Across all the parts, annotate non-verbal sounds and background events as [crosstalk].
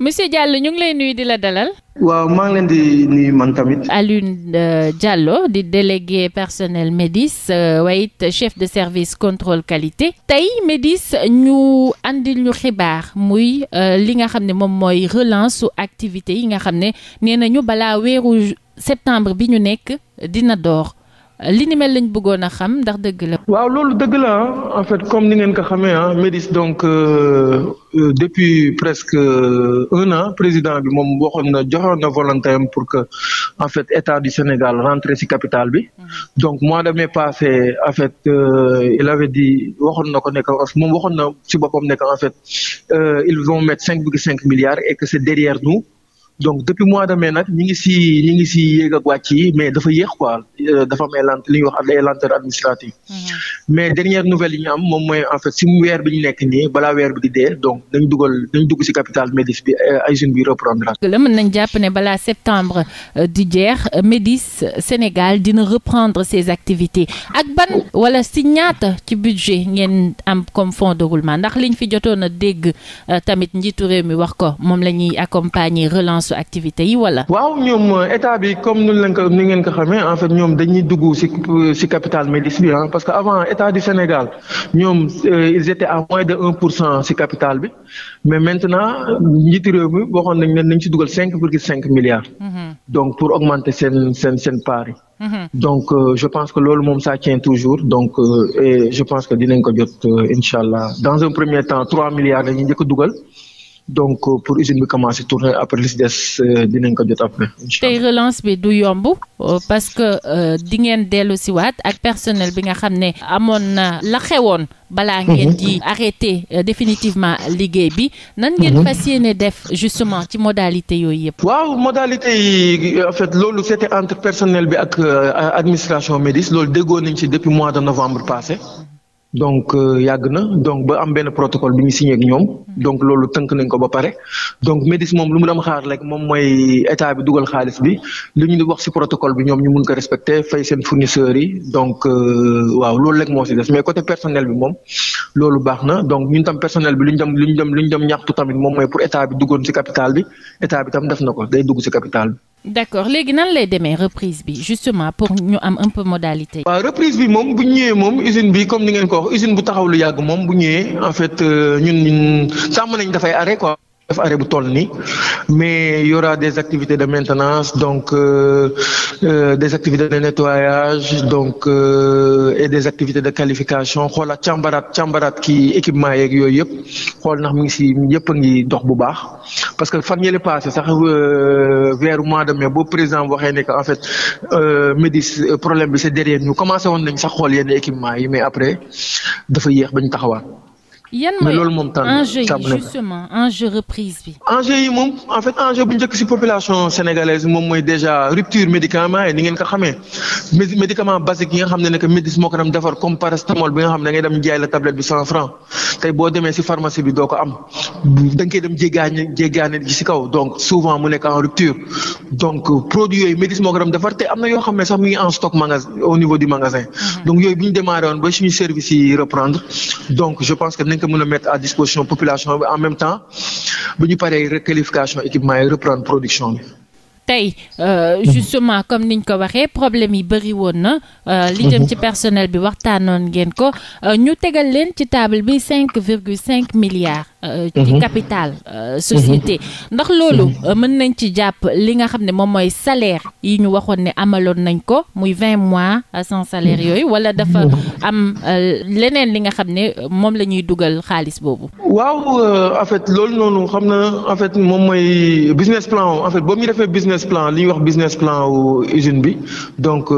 monsieur Diallo ñu ngi lay nuyu di la dalal. waaw maa ngi leen di nuyu man tamit. Alioune euh, Diallo di délégué personnel MEDIS euh, waaye chef de service contrôle qualité tey MEDIS ñu andil ñu xibaar muy euh, li nga xam ne moom mooy relance su activité yi nga xam ne nee nañu balaa weeru septembre bi ñu nekk dina door. li ni lañ bëggoon a xam ndax dëgg la. waaw loolu dëgg la en fait comme ni ngeen ko xamee ah Médis donc euh, euh, depuis presque euh, un an président bi moom waxoon na joxoon na volonté pour que en fait état du Sénégal rentre ci capitale bi. Mhm. donc mois de mais passé en fait il avait dit waxoon na ko ne que moom waxoon na ci boppam ne en fait ils vont mettre cinq virgule cinq milliards et que c'est derrière nous. donc depuis mois de mais nag ñi ngi si ñi ngi si yéeg ak wàcc yi mais dafa yéex quoi euh, dafa am ay lant li ñuy wax ay lenteur administrative mm-hmm. mais dernière nouvelle yi ñu am moom mooy en fait si mu weer bi ñu nekk ni balaa weer bi di dee donc dañ dugal dañ dugg si capital Médis bi euh, ay usine bi reprendre la mën nañ jàpp ne balaa septembre euh, di jeex Médis Sénégal dina reprendre ses activités ak ban wala si ñaata ci budget ngeen am comme fonds de roulement ndax liñ fi jotoon a dégg tamit njitu réew mi wax ko moom la ñuy accompagner su activité yi wala. waaw ñoom euh, état bi comme ni leen ko ni ngeen ko xamee en fait ñoom dañuy dugg ci euh, capital Médis bi parce que avant état du Sénégal ñoom euh, ils étaient à moins de un pour cent si capital bi mais maintenant njiitu réew mi waxoon nañ ne nañ ci dugal cinq virgule cinq milliards. Mm-hmm. donc pour augmenter seen seen seen part yi. Mm-hmm. donc euh, je pense que loolu moom sa tient toujours donc je pense que dinañ ko jot incha allah dans un premier temps trois milliards dañuy njëkk dugal. donc euh, pour usine bi commencé tourner après li si des euh, dinañ ko jot après. tey relance bi du yomb euh, parce que di ngeen dellu si waat ak personnel bi nga xam ne amoon na la xewoon. balaa ngeen mhm. di arrêter définitivement liggéey bi. nan ngeen mhm. fas yéene def justement ci modalité yooyu yëpp. waaw modalité yi en fait loolu c'était entre personnel bi ak administration Médis loolu déggoon nañ ci depuis mois de novembre passé. donc euh, yàgg na donc ba am benn protocole bi ñu signé ak ñoom donc loolu tënk nañ ko ba pare donc MEDIS moom lu mu doon xaar rek moom mooy état bi dugal xaalis bi li ñu wax ci protocole bi ñoom ñu mun ko respecter fay seen fournisseurs yi donc euh, waaw loolu rek moo ci def mais côté personnel bi moom loolu baax na donc ñun tam personnel bi lu ñu dem lu ñu dem lu ñu dem ñaxtu tamit moom mooy pour état bi duggoon ci capital bi état bi tam def na ko day dugg ci capital bi. d'accord léegi nan lay demee reprise bi justement pour ñu am un peu modalité. waaw bi moom bu ñëwee moom usine bi comme ni ngeen ko wax usine bu taxaw lu yàgg moom bu ñëwee en fait euh, ñun ñun nañ dafay arrêt quoi. def arrêt bu toll nii mais yora des activités de maintenance donc euh, euh, des activités de nettoyage donc euh, et des activités de qualification xoolal càmbaraat càmbaraat kii équipement yeeg yooyu yëpp xool nax mi ngi si yëpp a ngi dox bu baax parce que fan yële passé sax euh, vers mois de mais boo président waxee ne que en fait Médis problème bi c'est derrière ñu commencé woon nañ sax xool yenn équipement yi mais après dafa yéex ba ñu taxawaat. yan mooy enjeu yi enjeu reprise bi. enjeu moom en fait enjeu bu njëkk ci population sénégalaise moom mooy déjà rupture médicament yi ni ngeen ko xamee médicament basique nga xam ne nga da ngay dem jaay la tablette bi cent franc tey boo demee ci pharmacie bi doo ko am da dem jéggaane jéggaane gi kaw donc souvent mu nekk en rupture donc produit yooyu médecin moo ko doon defar te am na yoo xam ne sax mu ngi en stock au niveau du magasin mhm. donc yooyu bu ñu démarré ba ko mën a mettre à disposition population bi en même temps bu ñu paree requalification équipement yi reprendre production bi. tey euh, justement comme niñ ko waxee problème yi bëri woon na. Euh, li jëm ci personnel bi waxtaanoon ngeen ko euh, ñu tegal leen ci table bi cinq virgule cinq milliards. ci euh, mm-hmm. capital euh, société mm-hmm. ndax loolu mm-hmm. euh, mën nañ ci jàpp li nga xam ne moom mooy salaire yi ñu waxoon ne amaloon nañ ko muy vingt mois sans salaire yooyu wala dafa am leneen li nga xam ne moom la ñuy dugal xaalis boobu waaw en fait loolu noonu xam na en fait moom mooy business plan en boobu ñu defee business plan li ñuy wax business plan wu usine bi donc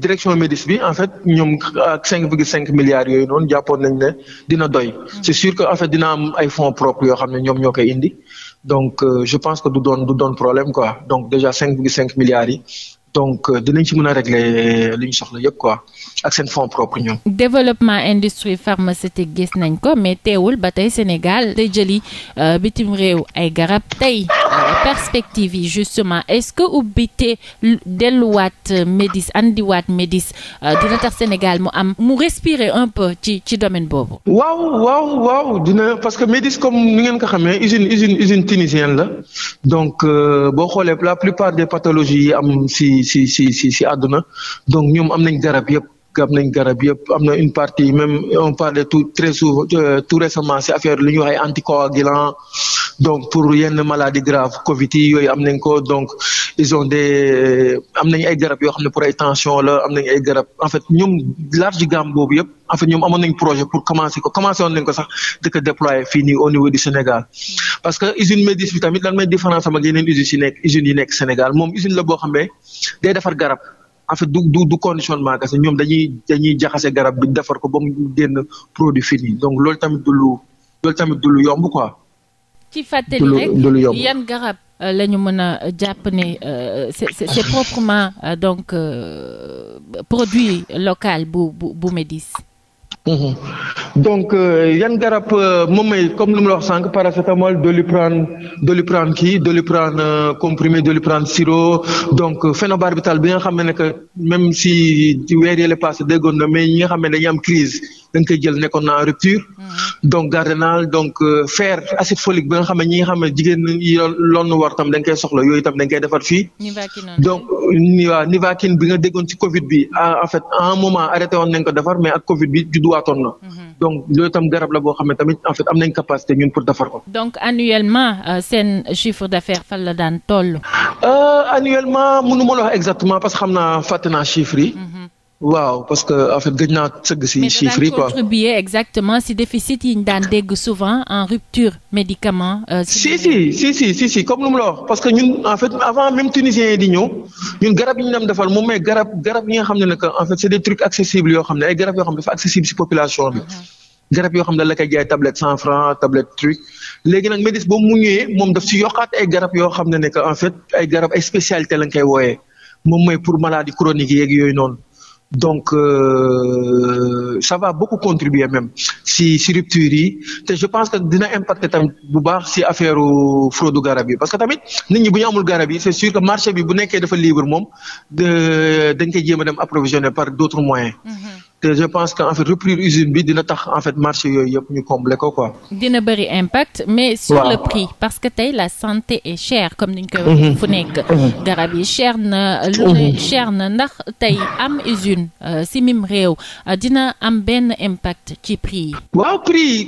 direction Médis bi en fait ñoom ak cinq virgule cinq milliards yooyu noonu jàppoon nañ ne dina doy c'est sûr en fait dina am ay fonds propres yoo xam ne ñoom ñoo koy indi donc euh, je pense que du doon du doon problème quoi donc déjà cinq virgule cinq milliards yi donc euh, dinañ ci mun a régler lu ñu soxla yëpp quoi ak seen fonds propres ñoom. développement industrie pharmaceutique gis nañ ko mais teewul ba tey Sénégal day jëli euh, bitim réew ay garab tey perspective yi justement est-ce que ubbi bite delluwaat euh, MEDIS andiwaat MEDIS euh, dina tax Sénégal mu am mu respirer un peu ci ci domaine boobu. waaw waaw waaw na parce que MEDIS comme ni ngeen ko xamee usine usine usine tunisienne la donc euh, boo xoolee la plupart des pathologies yi am si si si si si àdduna donc ñoom am nañ garab yëpp. am nañ garab yëpp am na une partie même on parlait tout très souvent tout récemment ci affaire lu ñuy wax ay anticoagulant donc pour yenn maladie grave Covid yi yooyu am nañ ko donc ils ont des euh, am nañ ay garab yoo xam ne pour ay tension la am nañ ay garab en fait ñoom large gamme boobu yëpp en fait ñoom amoon nañ projet pour commencer ko commencé woon nañ ko sax di ko déployer fii nii au niveau du Sénégal parce que usine Médis bi tamit lan may différence am yeneen usines yi nekk usines yi nekk Sénégal moom usine la boo xam ne day defar garab en fait du du du conditionnement kese ñoom dañuy dañuy jaxase garab bi defar ko ba mu génn produit fini donc loolu tamit du lu loolu tamit du yomb quoi. ci fàttali rek yan garab euh, la ñu mën a euh, jàpp ne euh, c'est c'est proprement donc produit local bu bu Médis mm-hmm. donc euh, yan garab euh, moom may comme lu mu la wax sànq paracétamol doliprane doliprane kii doliprane euh, comprimé doliprane sirop donc phénobarbital bi nga xam ne que même si weer yële passé déggoon na mais ñi nga xam ne dañuy am crise dañ koy jël nekkoon na en rupture. Hmm. donc Gardenal donc fer acide folique bi nga xam ne ñi nga xam ne jigéen ñi loon war tam dañ koy soxla yooyu tam dañ koy defar fii. donc waa Nivaquine bi nga déggoon ci Covid bi en fait à un moment arrêté woon nañ ko defar mais ak Covid bi judduwaatoon na. Hmm. donc loolu tam garab la boo xam ne tamit en fait am nañ capacité ñun pour defar ko. donc annuellement euh, seen chiffre d'affaires fan la daan toll. Euh, annuellement mënu ma la wax exactement parce que xam na fàtte na chiffres waaw parce que en fait gëj naa sëgg si chiffres yi quoi exactement si déficit yi ñu daan dégg souvent en rupture médicament. Euh, si si si si si comme lu mu parce que ñun en fait avant même tunisiens yi di ñëw ñun garab ñu dem defal moom mooy garab garab yi xam ne ne en fait c' des trucs accessibles yoo xam ne ay garab yoo xam ne dafa si population bi. garab yoo xam ne la jaay tablette cent franc tablette truc léegi nag médecin boobu mu moom daf donc euh, ça va beaucoup contribuer même si si rupture yi te je pense que dina impacter tam bu baax si affaire fraude garab yi parce que tamit nit ñi bu ñu amul garab yi c'est sûr que marché bi bu nekkee dafa libre moom dañ koy jéem a dem approvisionner par d'autres moyens. mm te je pense que en fait reprise usine bi dina tax en fait marché yooyu yëpp ñu combler ko quoi. dina bëri impact mais. sur le prix parce que tey la santé est chère comme ni ñu koy waxee mhm. fu nekk. Mhm. garab yi cher na. lu mhm. ne cher na ndax tey am usine euh, si mim réew euh, dina am benn impact ci prix yi. waaw prix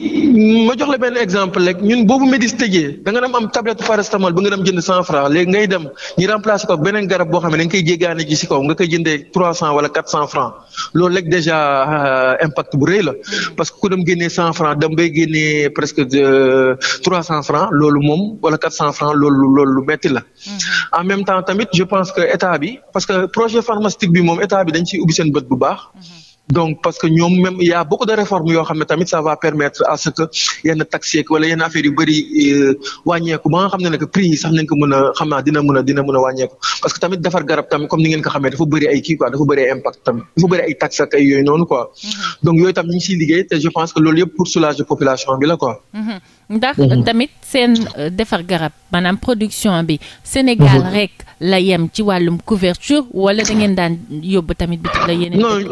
ma jox la benn exemple rek ñun boobu Médis tëjee da nga dem am tablette paracétamol ba nga dem jënd cent franc léegi ngay dem ñu remplacer ko beneen garab boo xam ne da nga koy jéggaane ji si kaw nga koy jëndee trois cent wala quatre cent franc loolu rek Euh, impact bu rëy la parce que ku dem génnee cent franc dem bay génnee presque euh, trois cent franc loolu wala quatre cent franc loolu loolu lu la. Mm-hmm. en même temps tamit je pense que état bi parce que projet pharmaceutique bi moom état bi dañ ciy ubbi seen bët bu baax. Mm-hmm. donc parce que ñoom même y' a de réformes yoo xam ne tamit ça va permettre à ce que yenn taxes yeeg wala yenn affaires yu bëri euh, wàññeeku ba ne ne que prix sax nañ ko mën a xam naa dina mën a dina mën a wàññeeku parce que tamit defar garab tamit comme ni ngeen ko xamee dafa bëri ay kii quoi dafa bëri ay impact tamit dafa bëri ay taxes ak ay yooyu noonu quoi mm-hmm. donc yooyu tam ñu ngi siy liggéey je pense que loolu yëpp pour soulager population bi la quoi mm-hmm. ndax mhm. tamit seen euh, defar garab maanaam production bi Sénégal mhm. rek la yem ci wàllum couverture wala da ngeen daan yóbbu tamit bi la yeneen non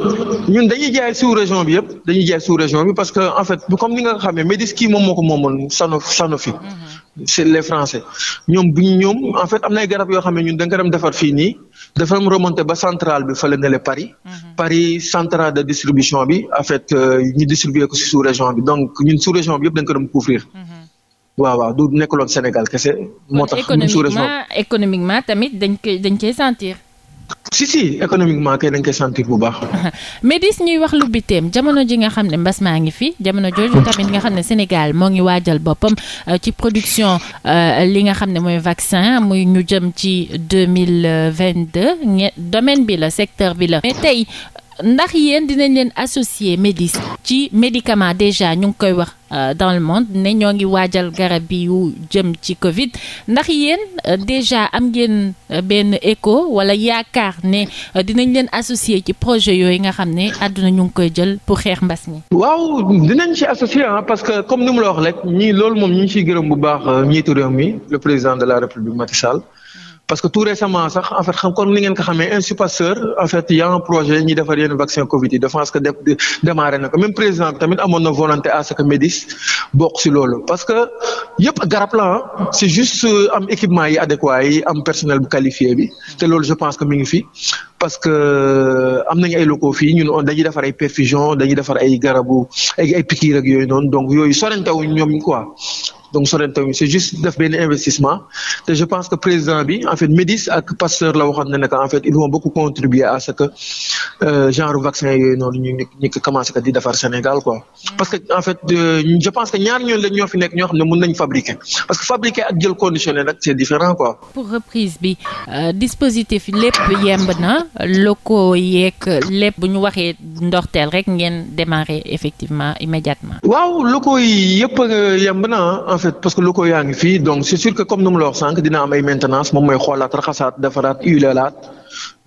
ñun dañuy jaay sous région bi yëpp dañuy jaay sous région bi parce que en fait comme ni nga xamee Médis kii moom moo ko moomoon Sanofi Sanofi mhm. c'est les français ñoom bu ñoom en fait am nay garab yoo xam ñun da nga dem defar fii nii dafa am remonté ba centrale bi fële ne le Paris. Mhm. Paris centrale de distribution bi en fait euh, ñu distribuer ko si sous région bi donc ñun sous région bi yëpp da nga ko dem couvrir. Mhm. waaw waaw du nekkuloon Sénégal moo tax ñun sous région économiquement économiquement tamit dañ koy sentir. si si économiquement kay dañ sentir bu baax. [laughs] mais dis ñuy wax lu biteem jamono ji nga xam ne mbas maa ngi fi jamono jooju tamit nga xam ne Sénégal moo ngi waajal boppam euh, ci production euh, li nga xam ne mooy vaccin muy ñu jëm ci deux mille vingt deux domaine bi la secteur bi la. mais tey ndax yéen dinañ leen associer Médis ci médicament déjà ñu ngi koy wax euh, dans le monde ne ñoo ngi waajal garab bi yu jëm ci Covid ndax yéen euh, déjà am ngeen euh, benn écho wala yaakaar ne dinañ leen associer ci projet yooyu nga xam ne àdduna ñu ngi koy jël pour xeex mbas mi. waaw dinañ ci associer ah parce que comme ni mu la wax rek loolu moom ñu ngi gërëm bu baax njiitu réew le président de la République Macky Sall parce que tout récemment sax en fait xam comme ni ngeen ko xamee Institut Pasteur en fait y a un projet ñuy defar yenn vaccin Covid yi de France que démarré na ko même président bi tamit amoon que Médis bokk si loolu parce que yëpp garab la ah c'est euh, am équipement yi adéquat yi am personnel bu qualifié bi te loolu je pense que mi ngi fi parce que euh, am nañu ay locaux fii ñun dañuy defar ay perfusion dañuy defar ay garabu ay ay piqûres ak yooyu noonu donc yooyu sorante wu ñoom quoi. donc Sonatel bi c'est juste def benn investissement te je pense que président bi en fait Médis ak Pasteur la waxoon ne ne que en fait ils vont beaucoup contribuer à ce que euh, genre vaccin yooyu noonu ñu ñu ko di defar Sénégal quoi. Mm. parce que en fait je pense que ñaar ñooñu la ñoo fi nekk ñoo xam ne mën nañu fabriquer parce que fabriquer ak jël conditionné nag c'est différent quoi. pour reprise bi euh, dispositif lépp yemb na locaux yeeg lépp bu ñu waxee ndorteel rek ngeen démarrer effectivement immédiatement. fait parce que lu ko yaa ngi fii donc c'est sûr que comme nu mu la wax sànq dina am ay maintenance moom mooy xoolaat raxasaat defaraat ulelaat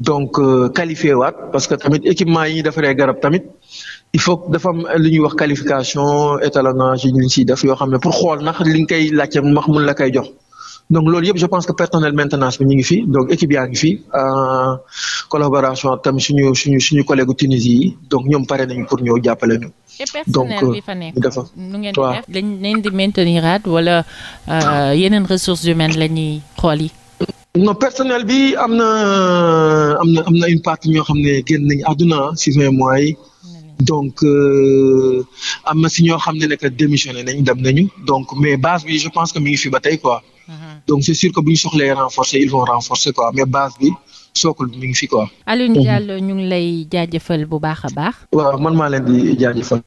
donc euh, qualifié waat parce que tamit équipement yi ñuy defaree garab tamit il faut dafa am lu ñuy wax qualification étalonnage yi ñu siy def yoo xam ne pour xool ndax li nga koy laajte max mun la koy jox. donc loolu yëpp je pense que personnel maintenance bi ñu ngi fi donc équipe yaa ngi fi en euh, collaboration ak suñu suñu suñu collègue Tunisie yi donc ñoom pare nañu pour ñëw jàppale ñu. donc personnel bi euh, fa nekk nu ngeen di wala euh, yeneen ressources humaines la xool yi. non personnel bi am na am na am na une partie ñoo xam ne génn nañu àdduna si vingt mois yi donc am na si ñoo xam ne nekk démissionné nañ dem nañu donc mais base bi je pense que mi ngi fi ba tey quoi. donc c' est sûr que bu ñu soxlee renforcer ils vont renforcer quoi mais base bi sookul bi mi fi ko Alioune mhm. Diallo ñu ngi lay jaajëfal bu baax a baax. waaw man maa leen di jaajëfal.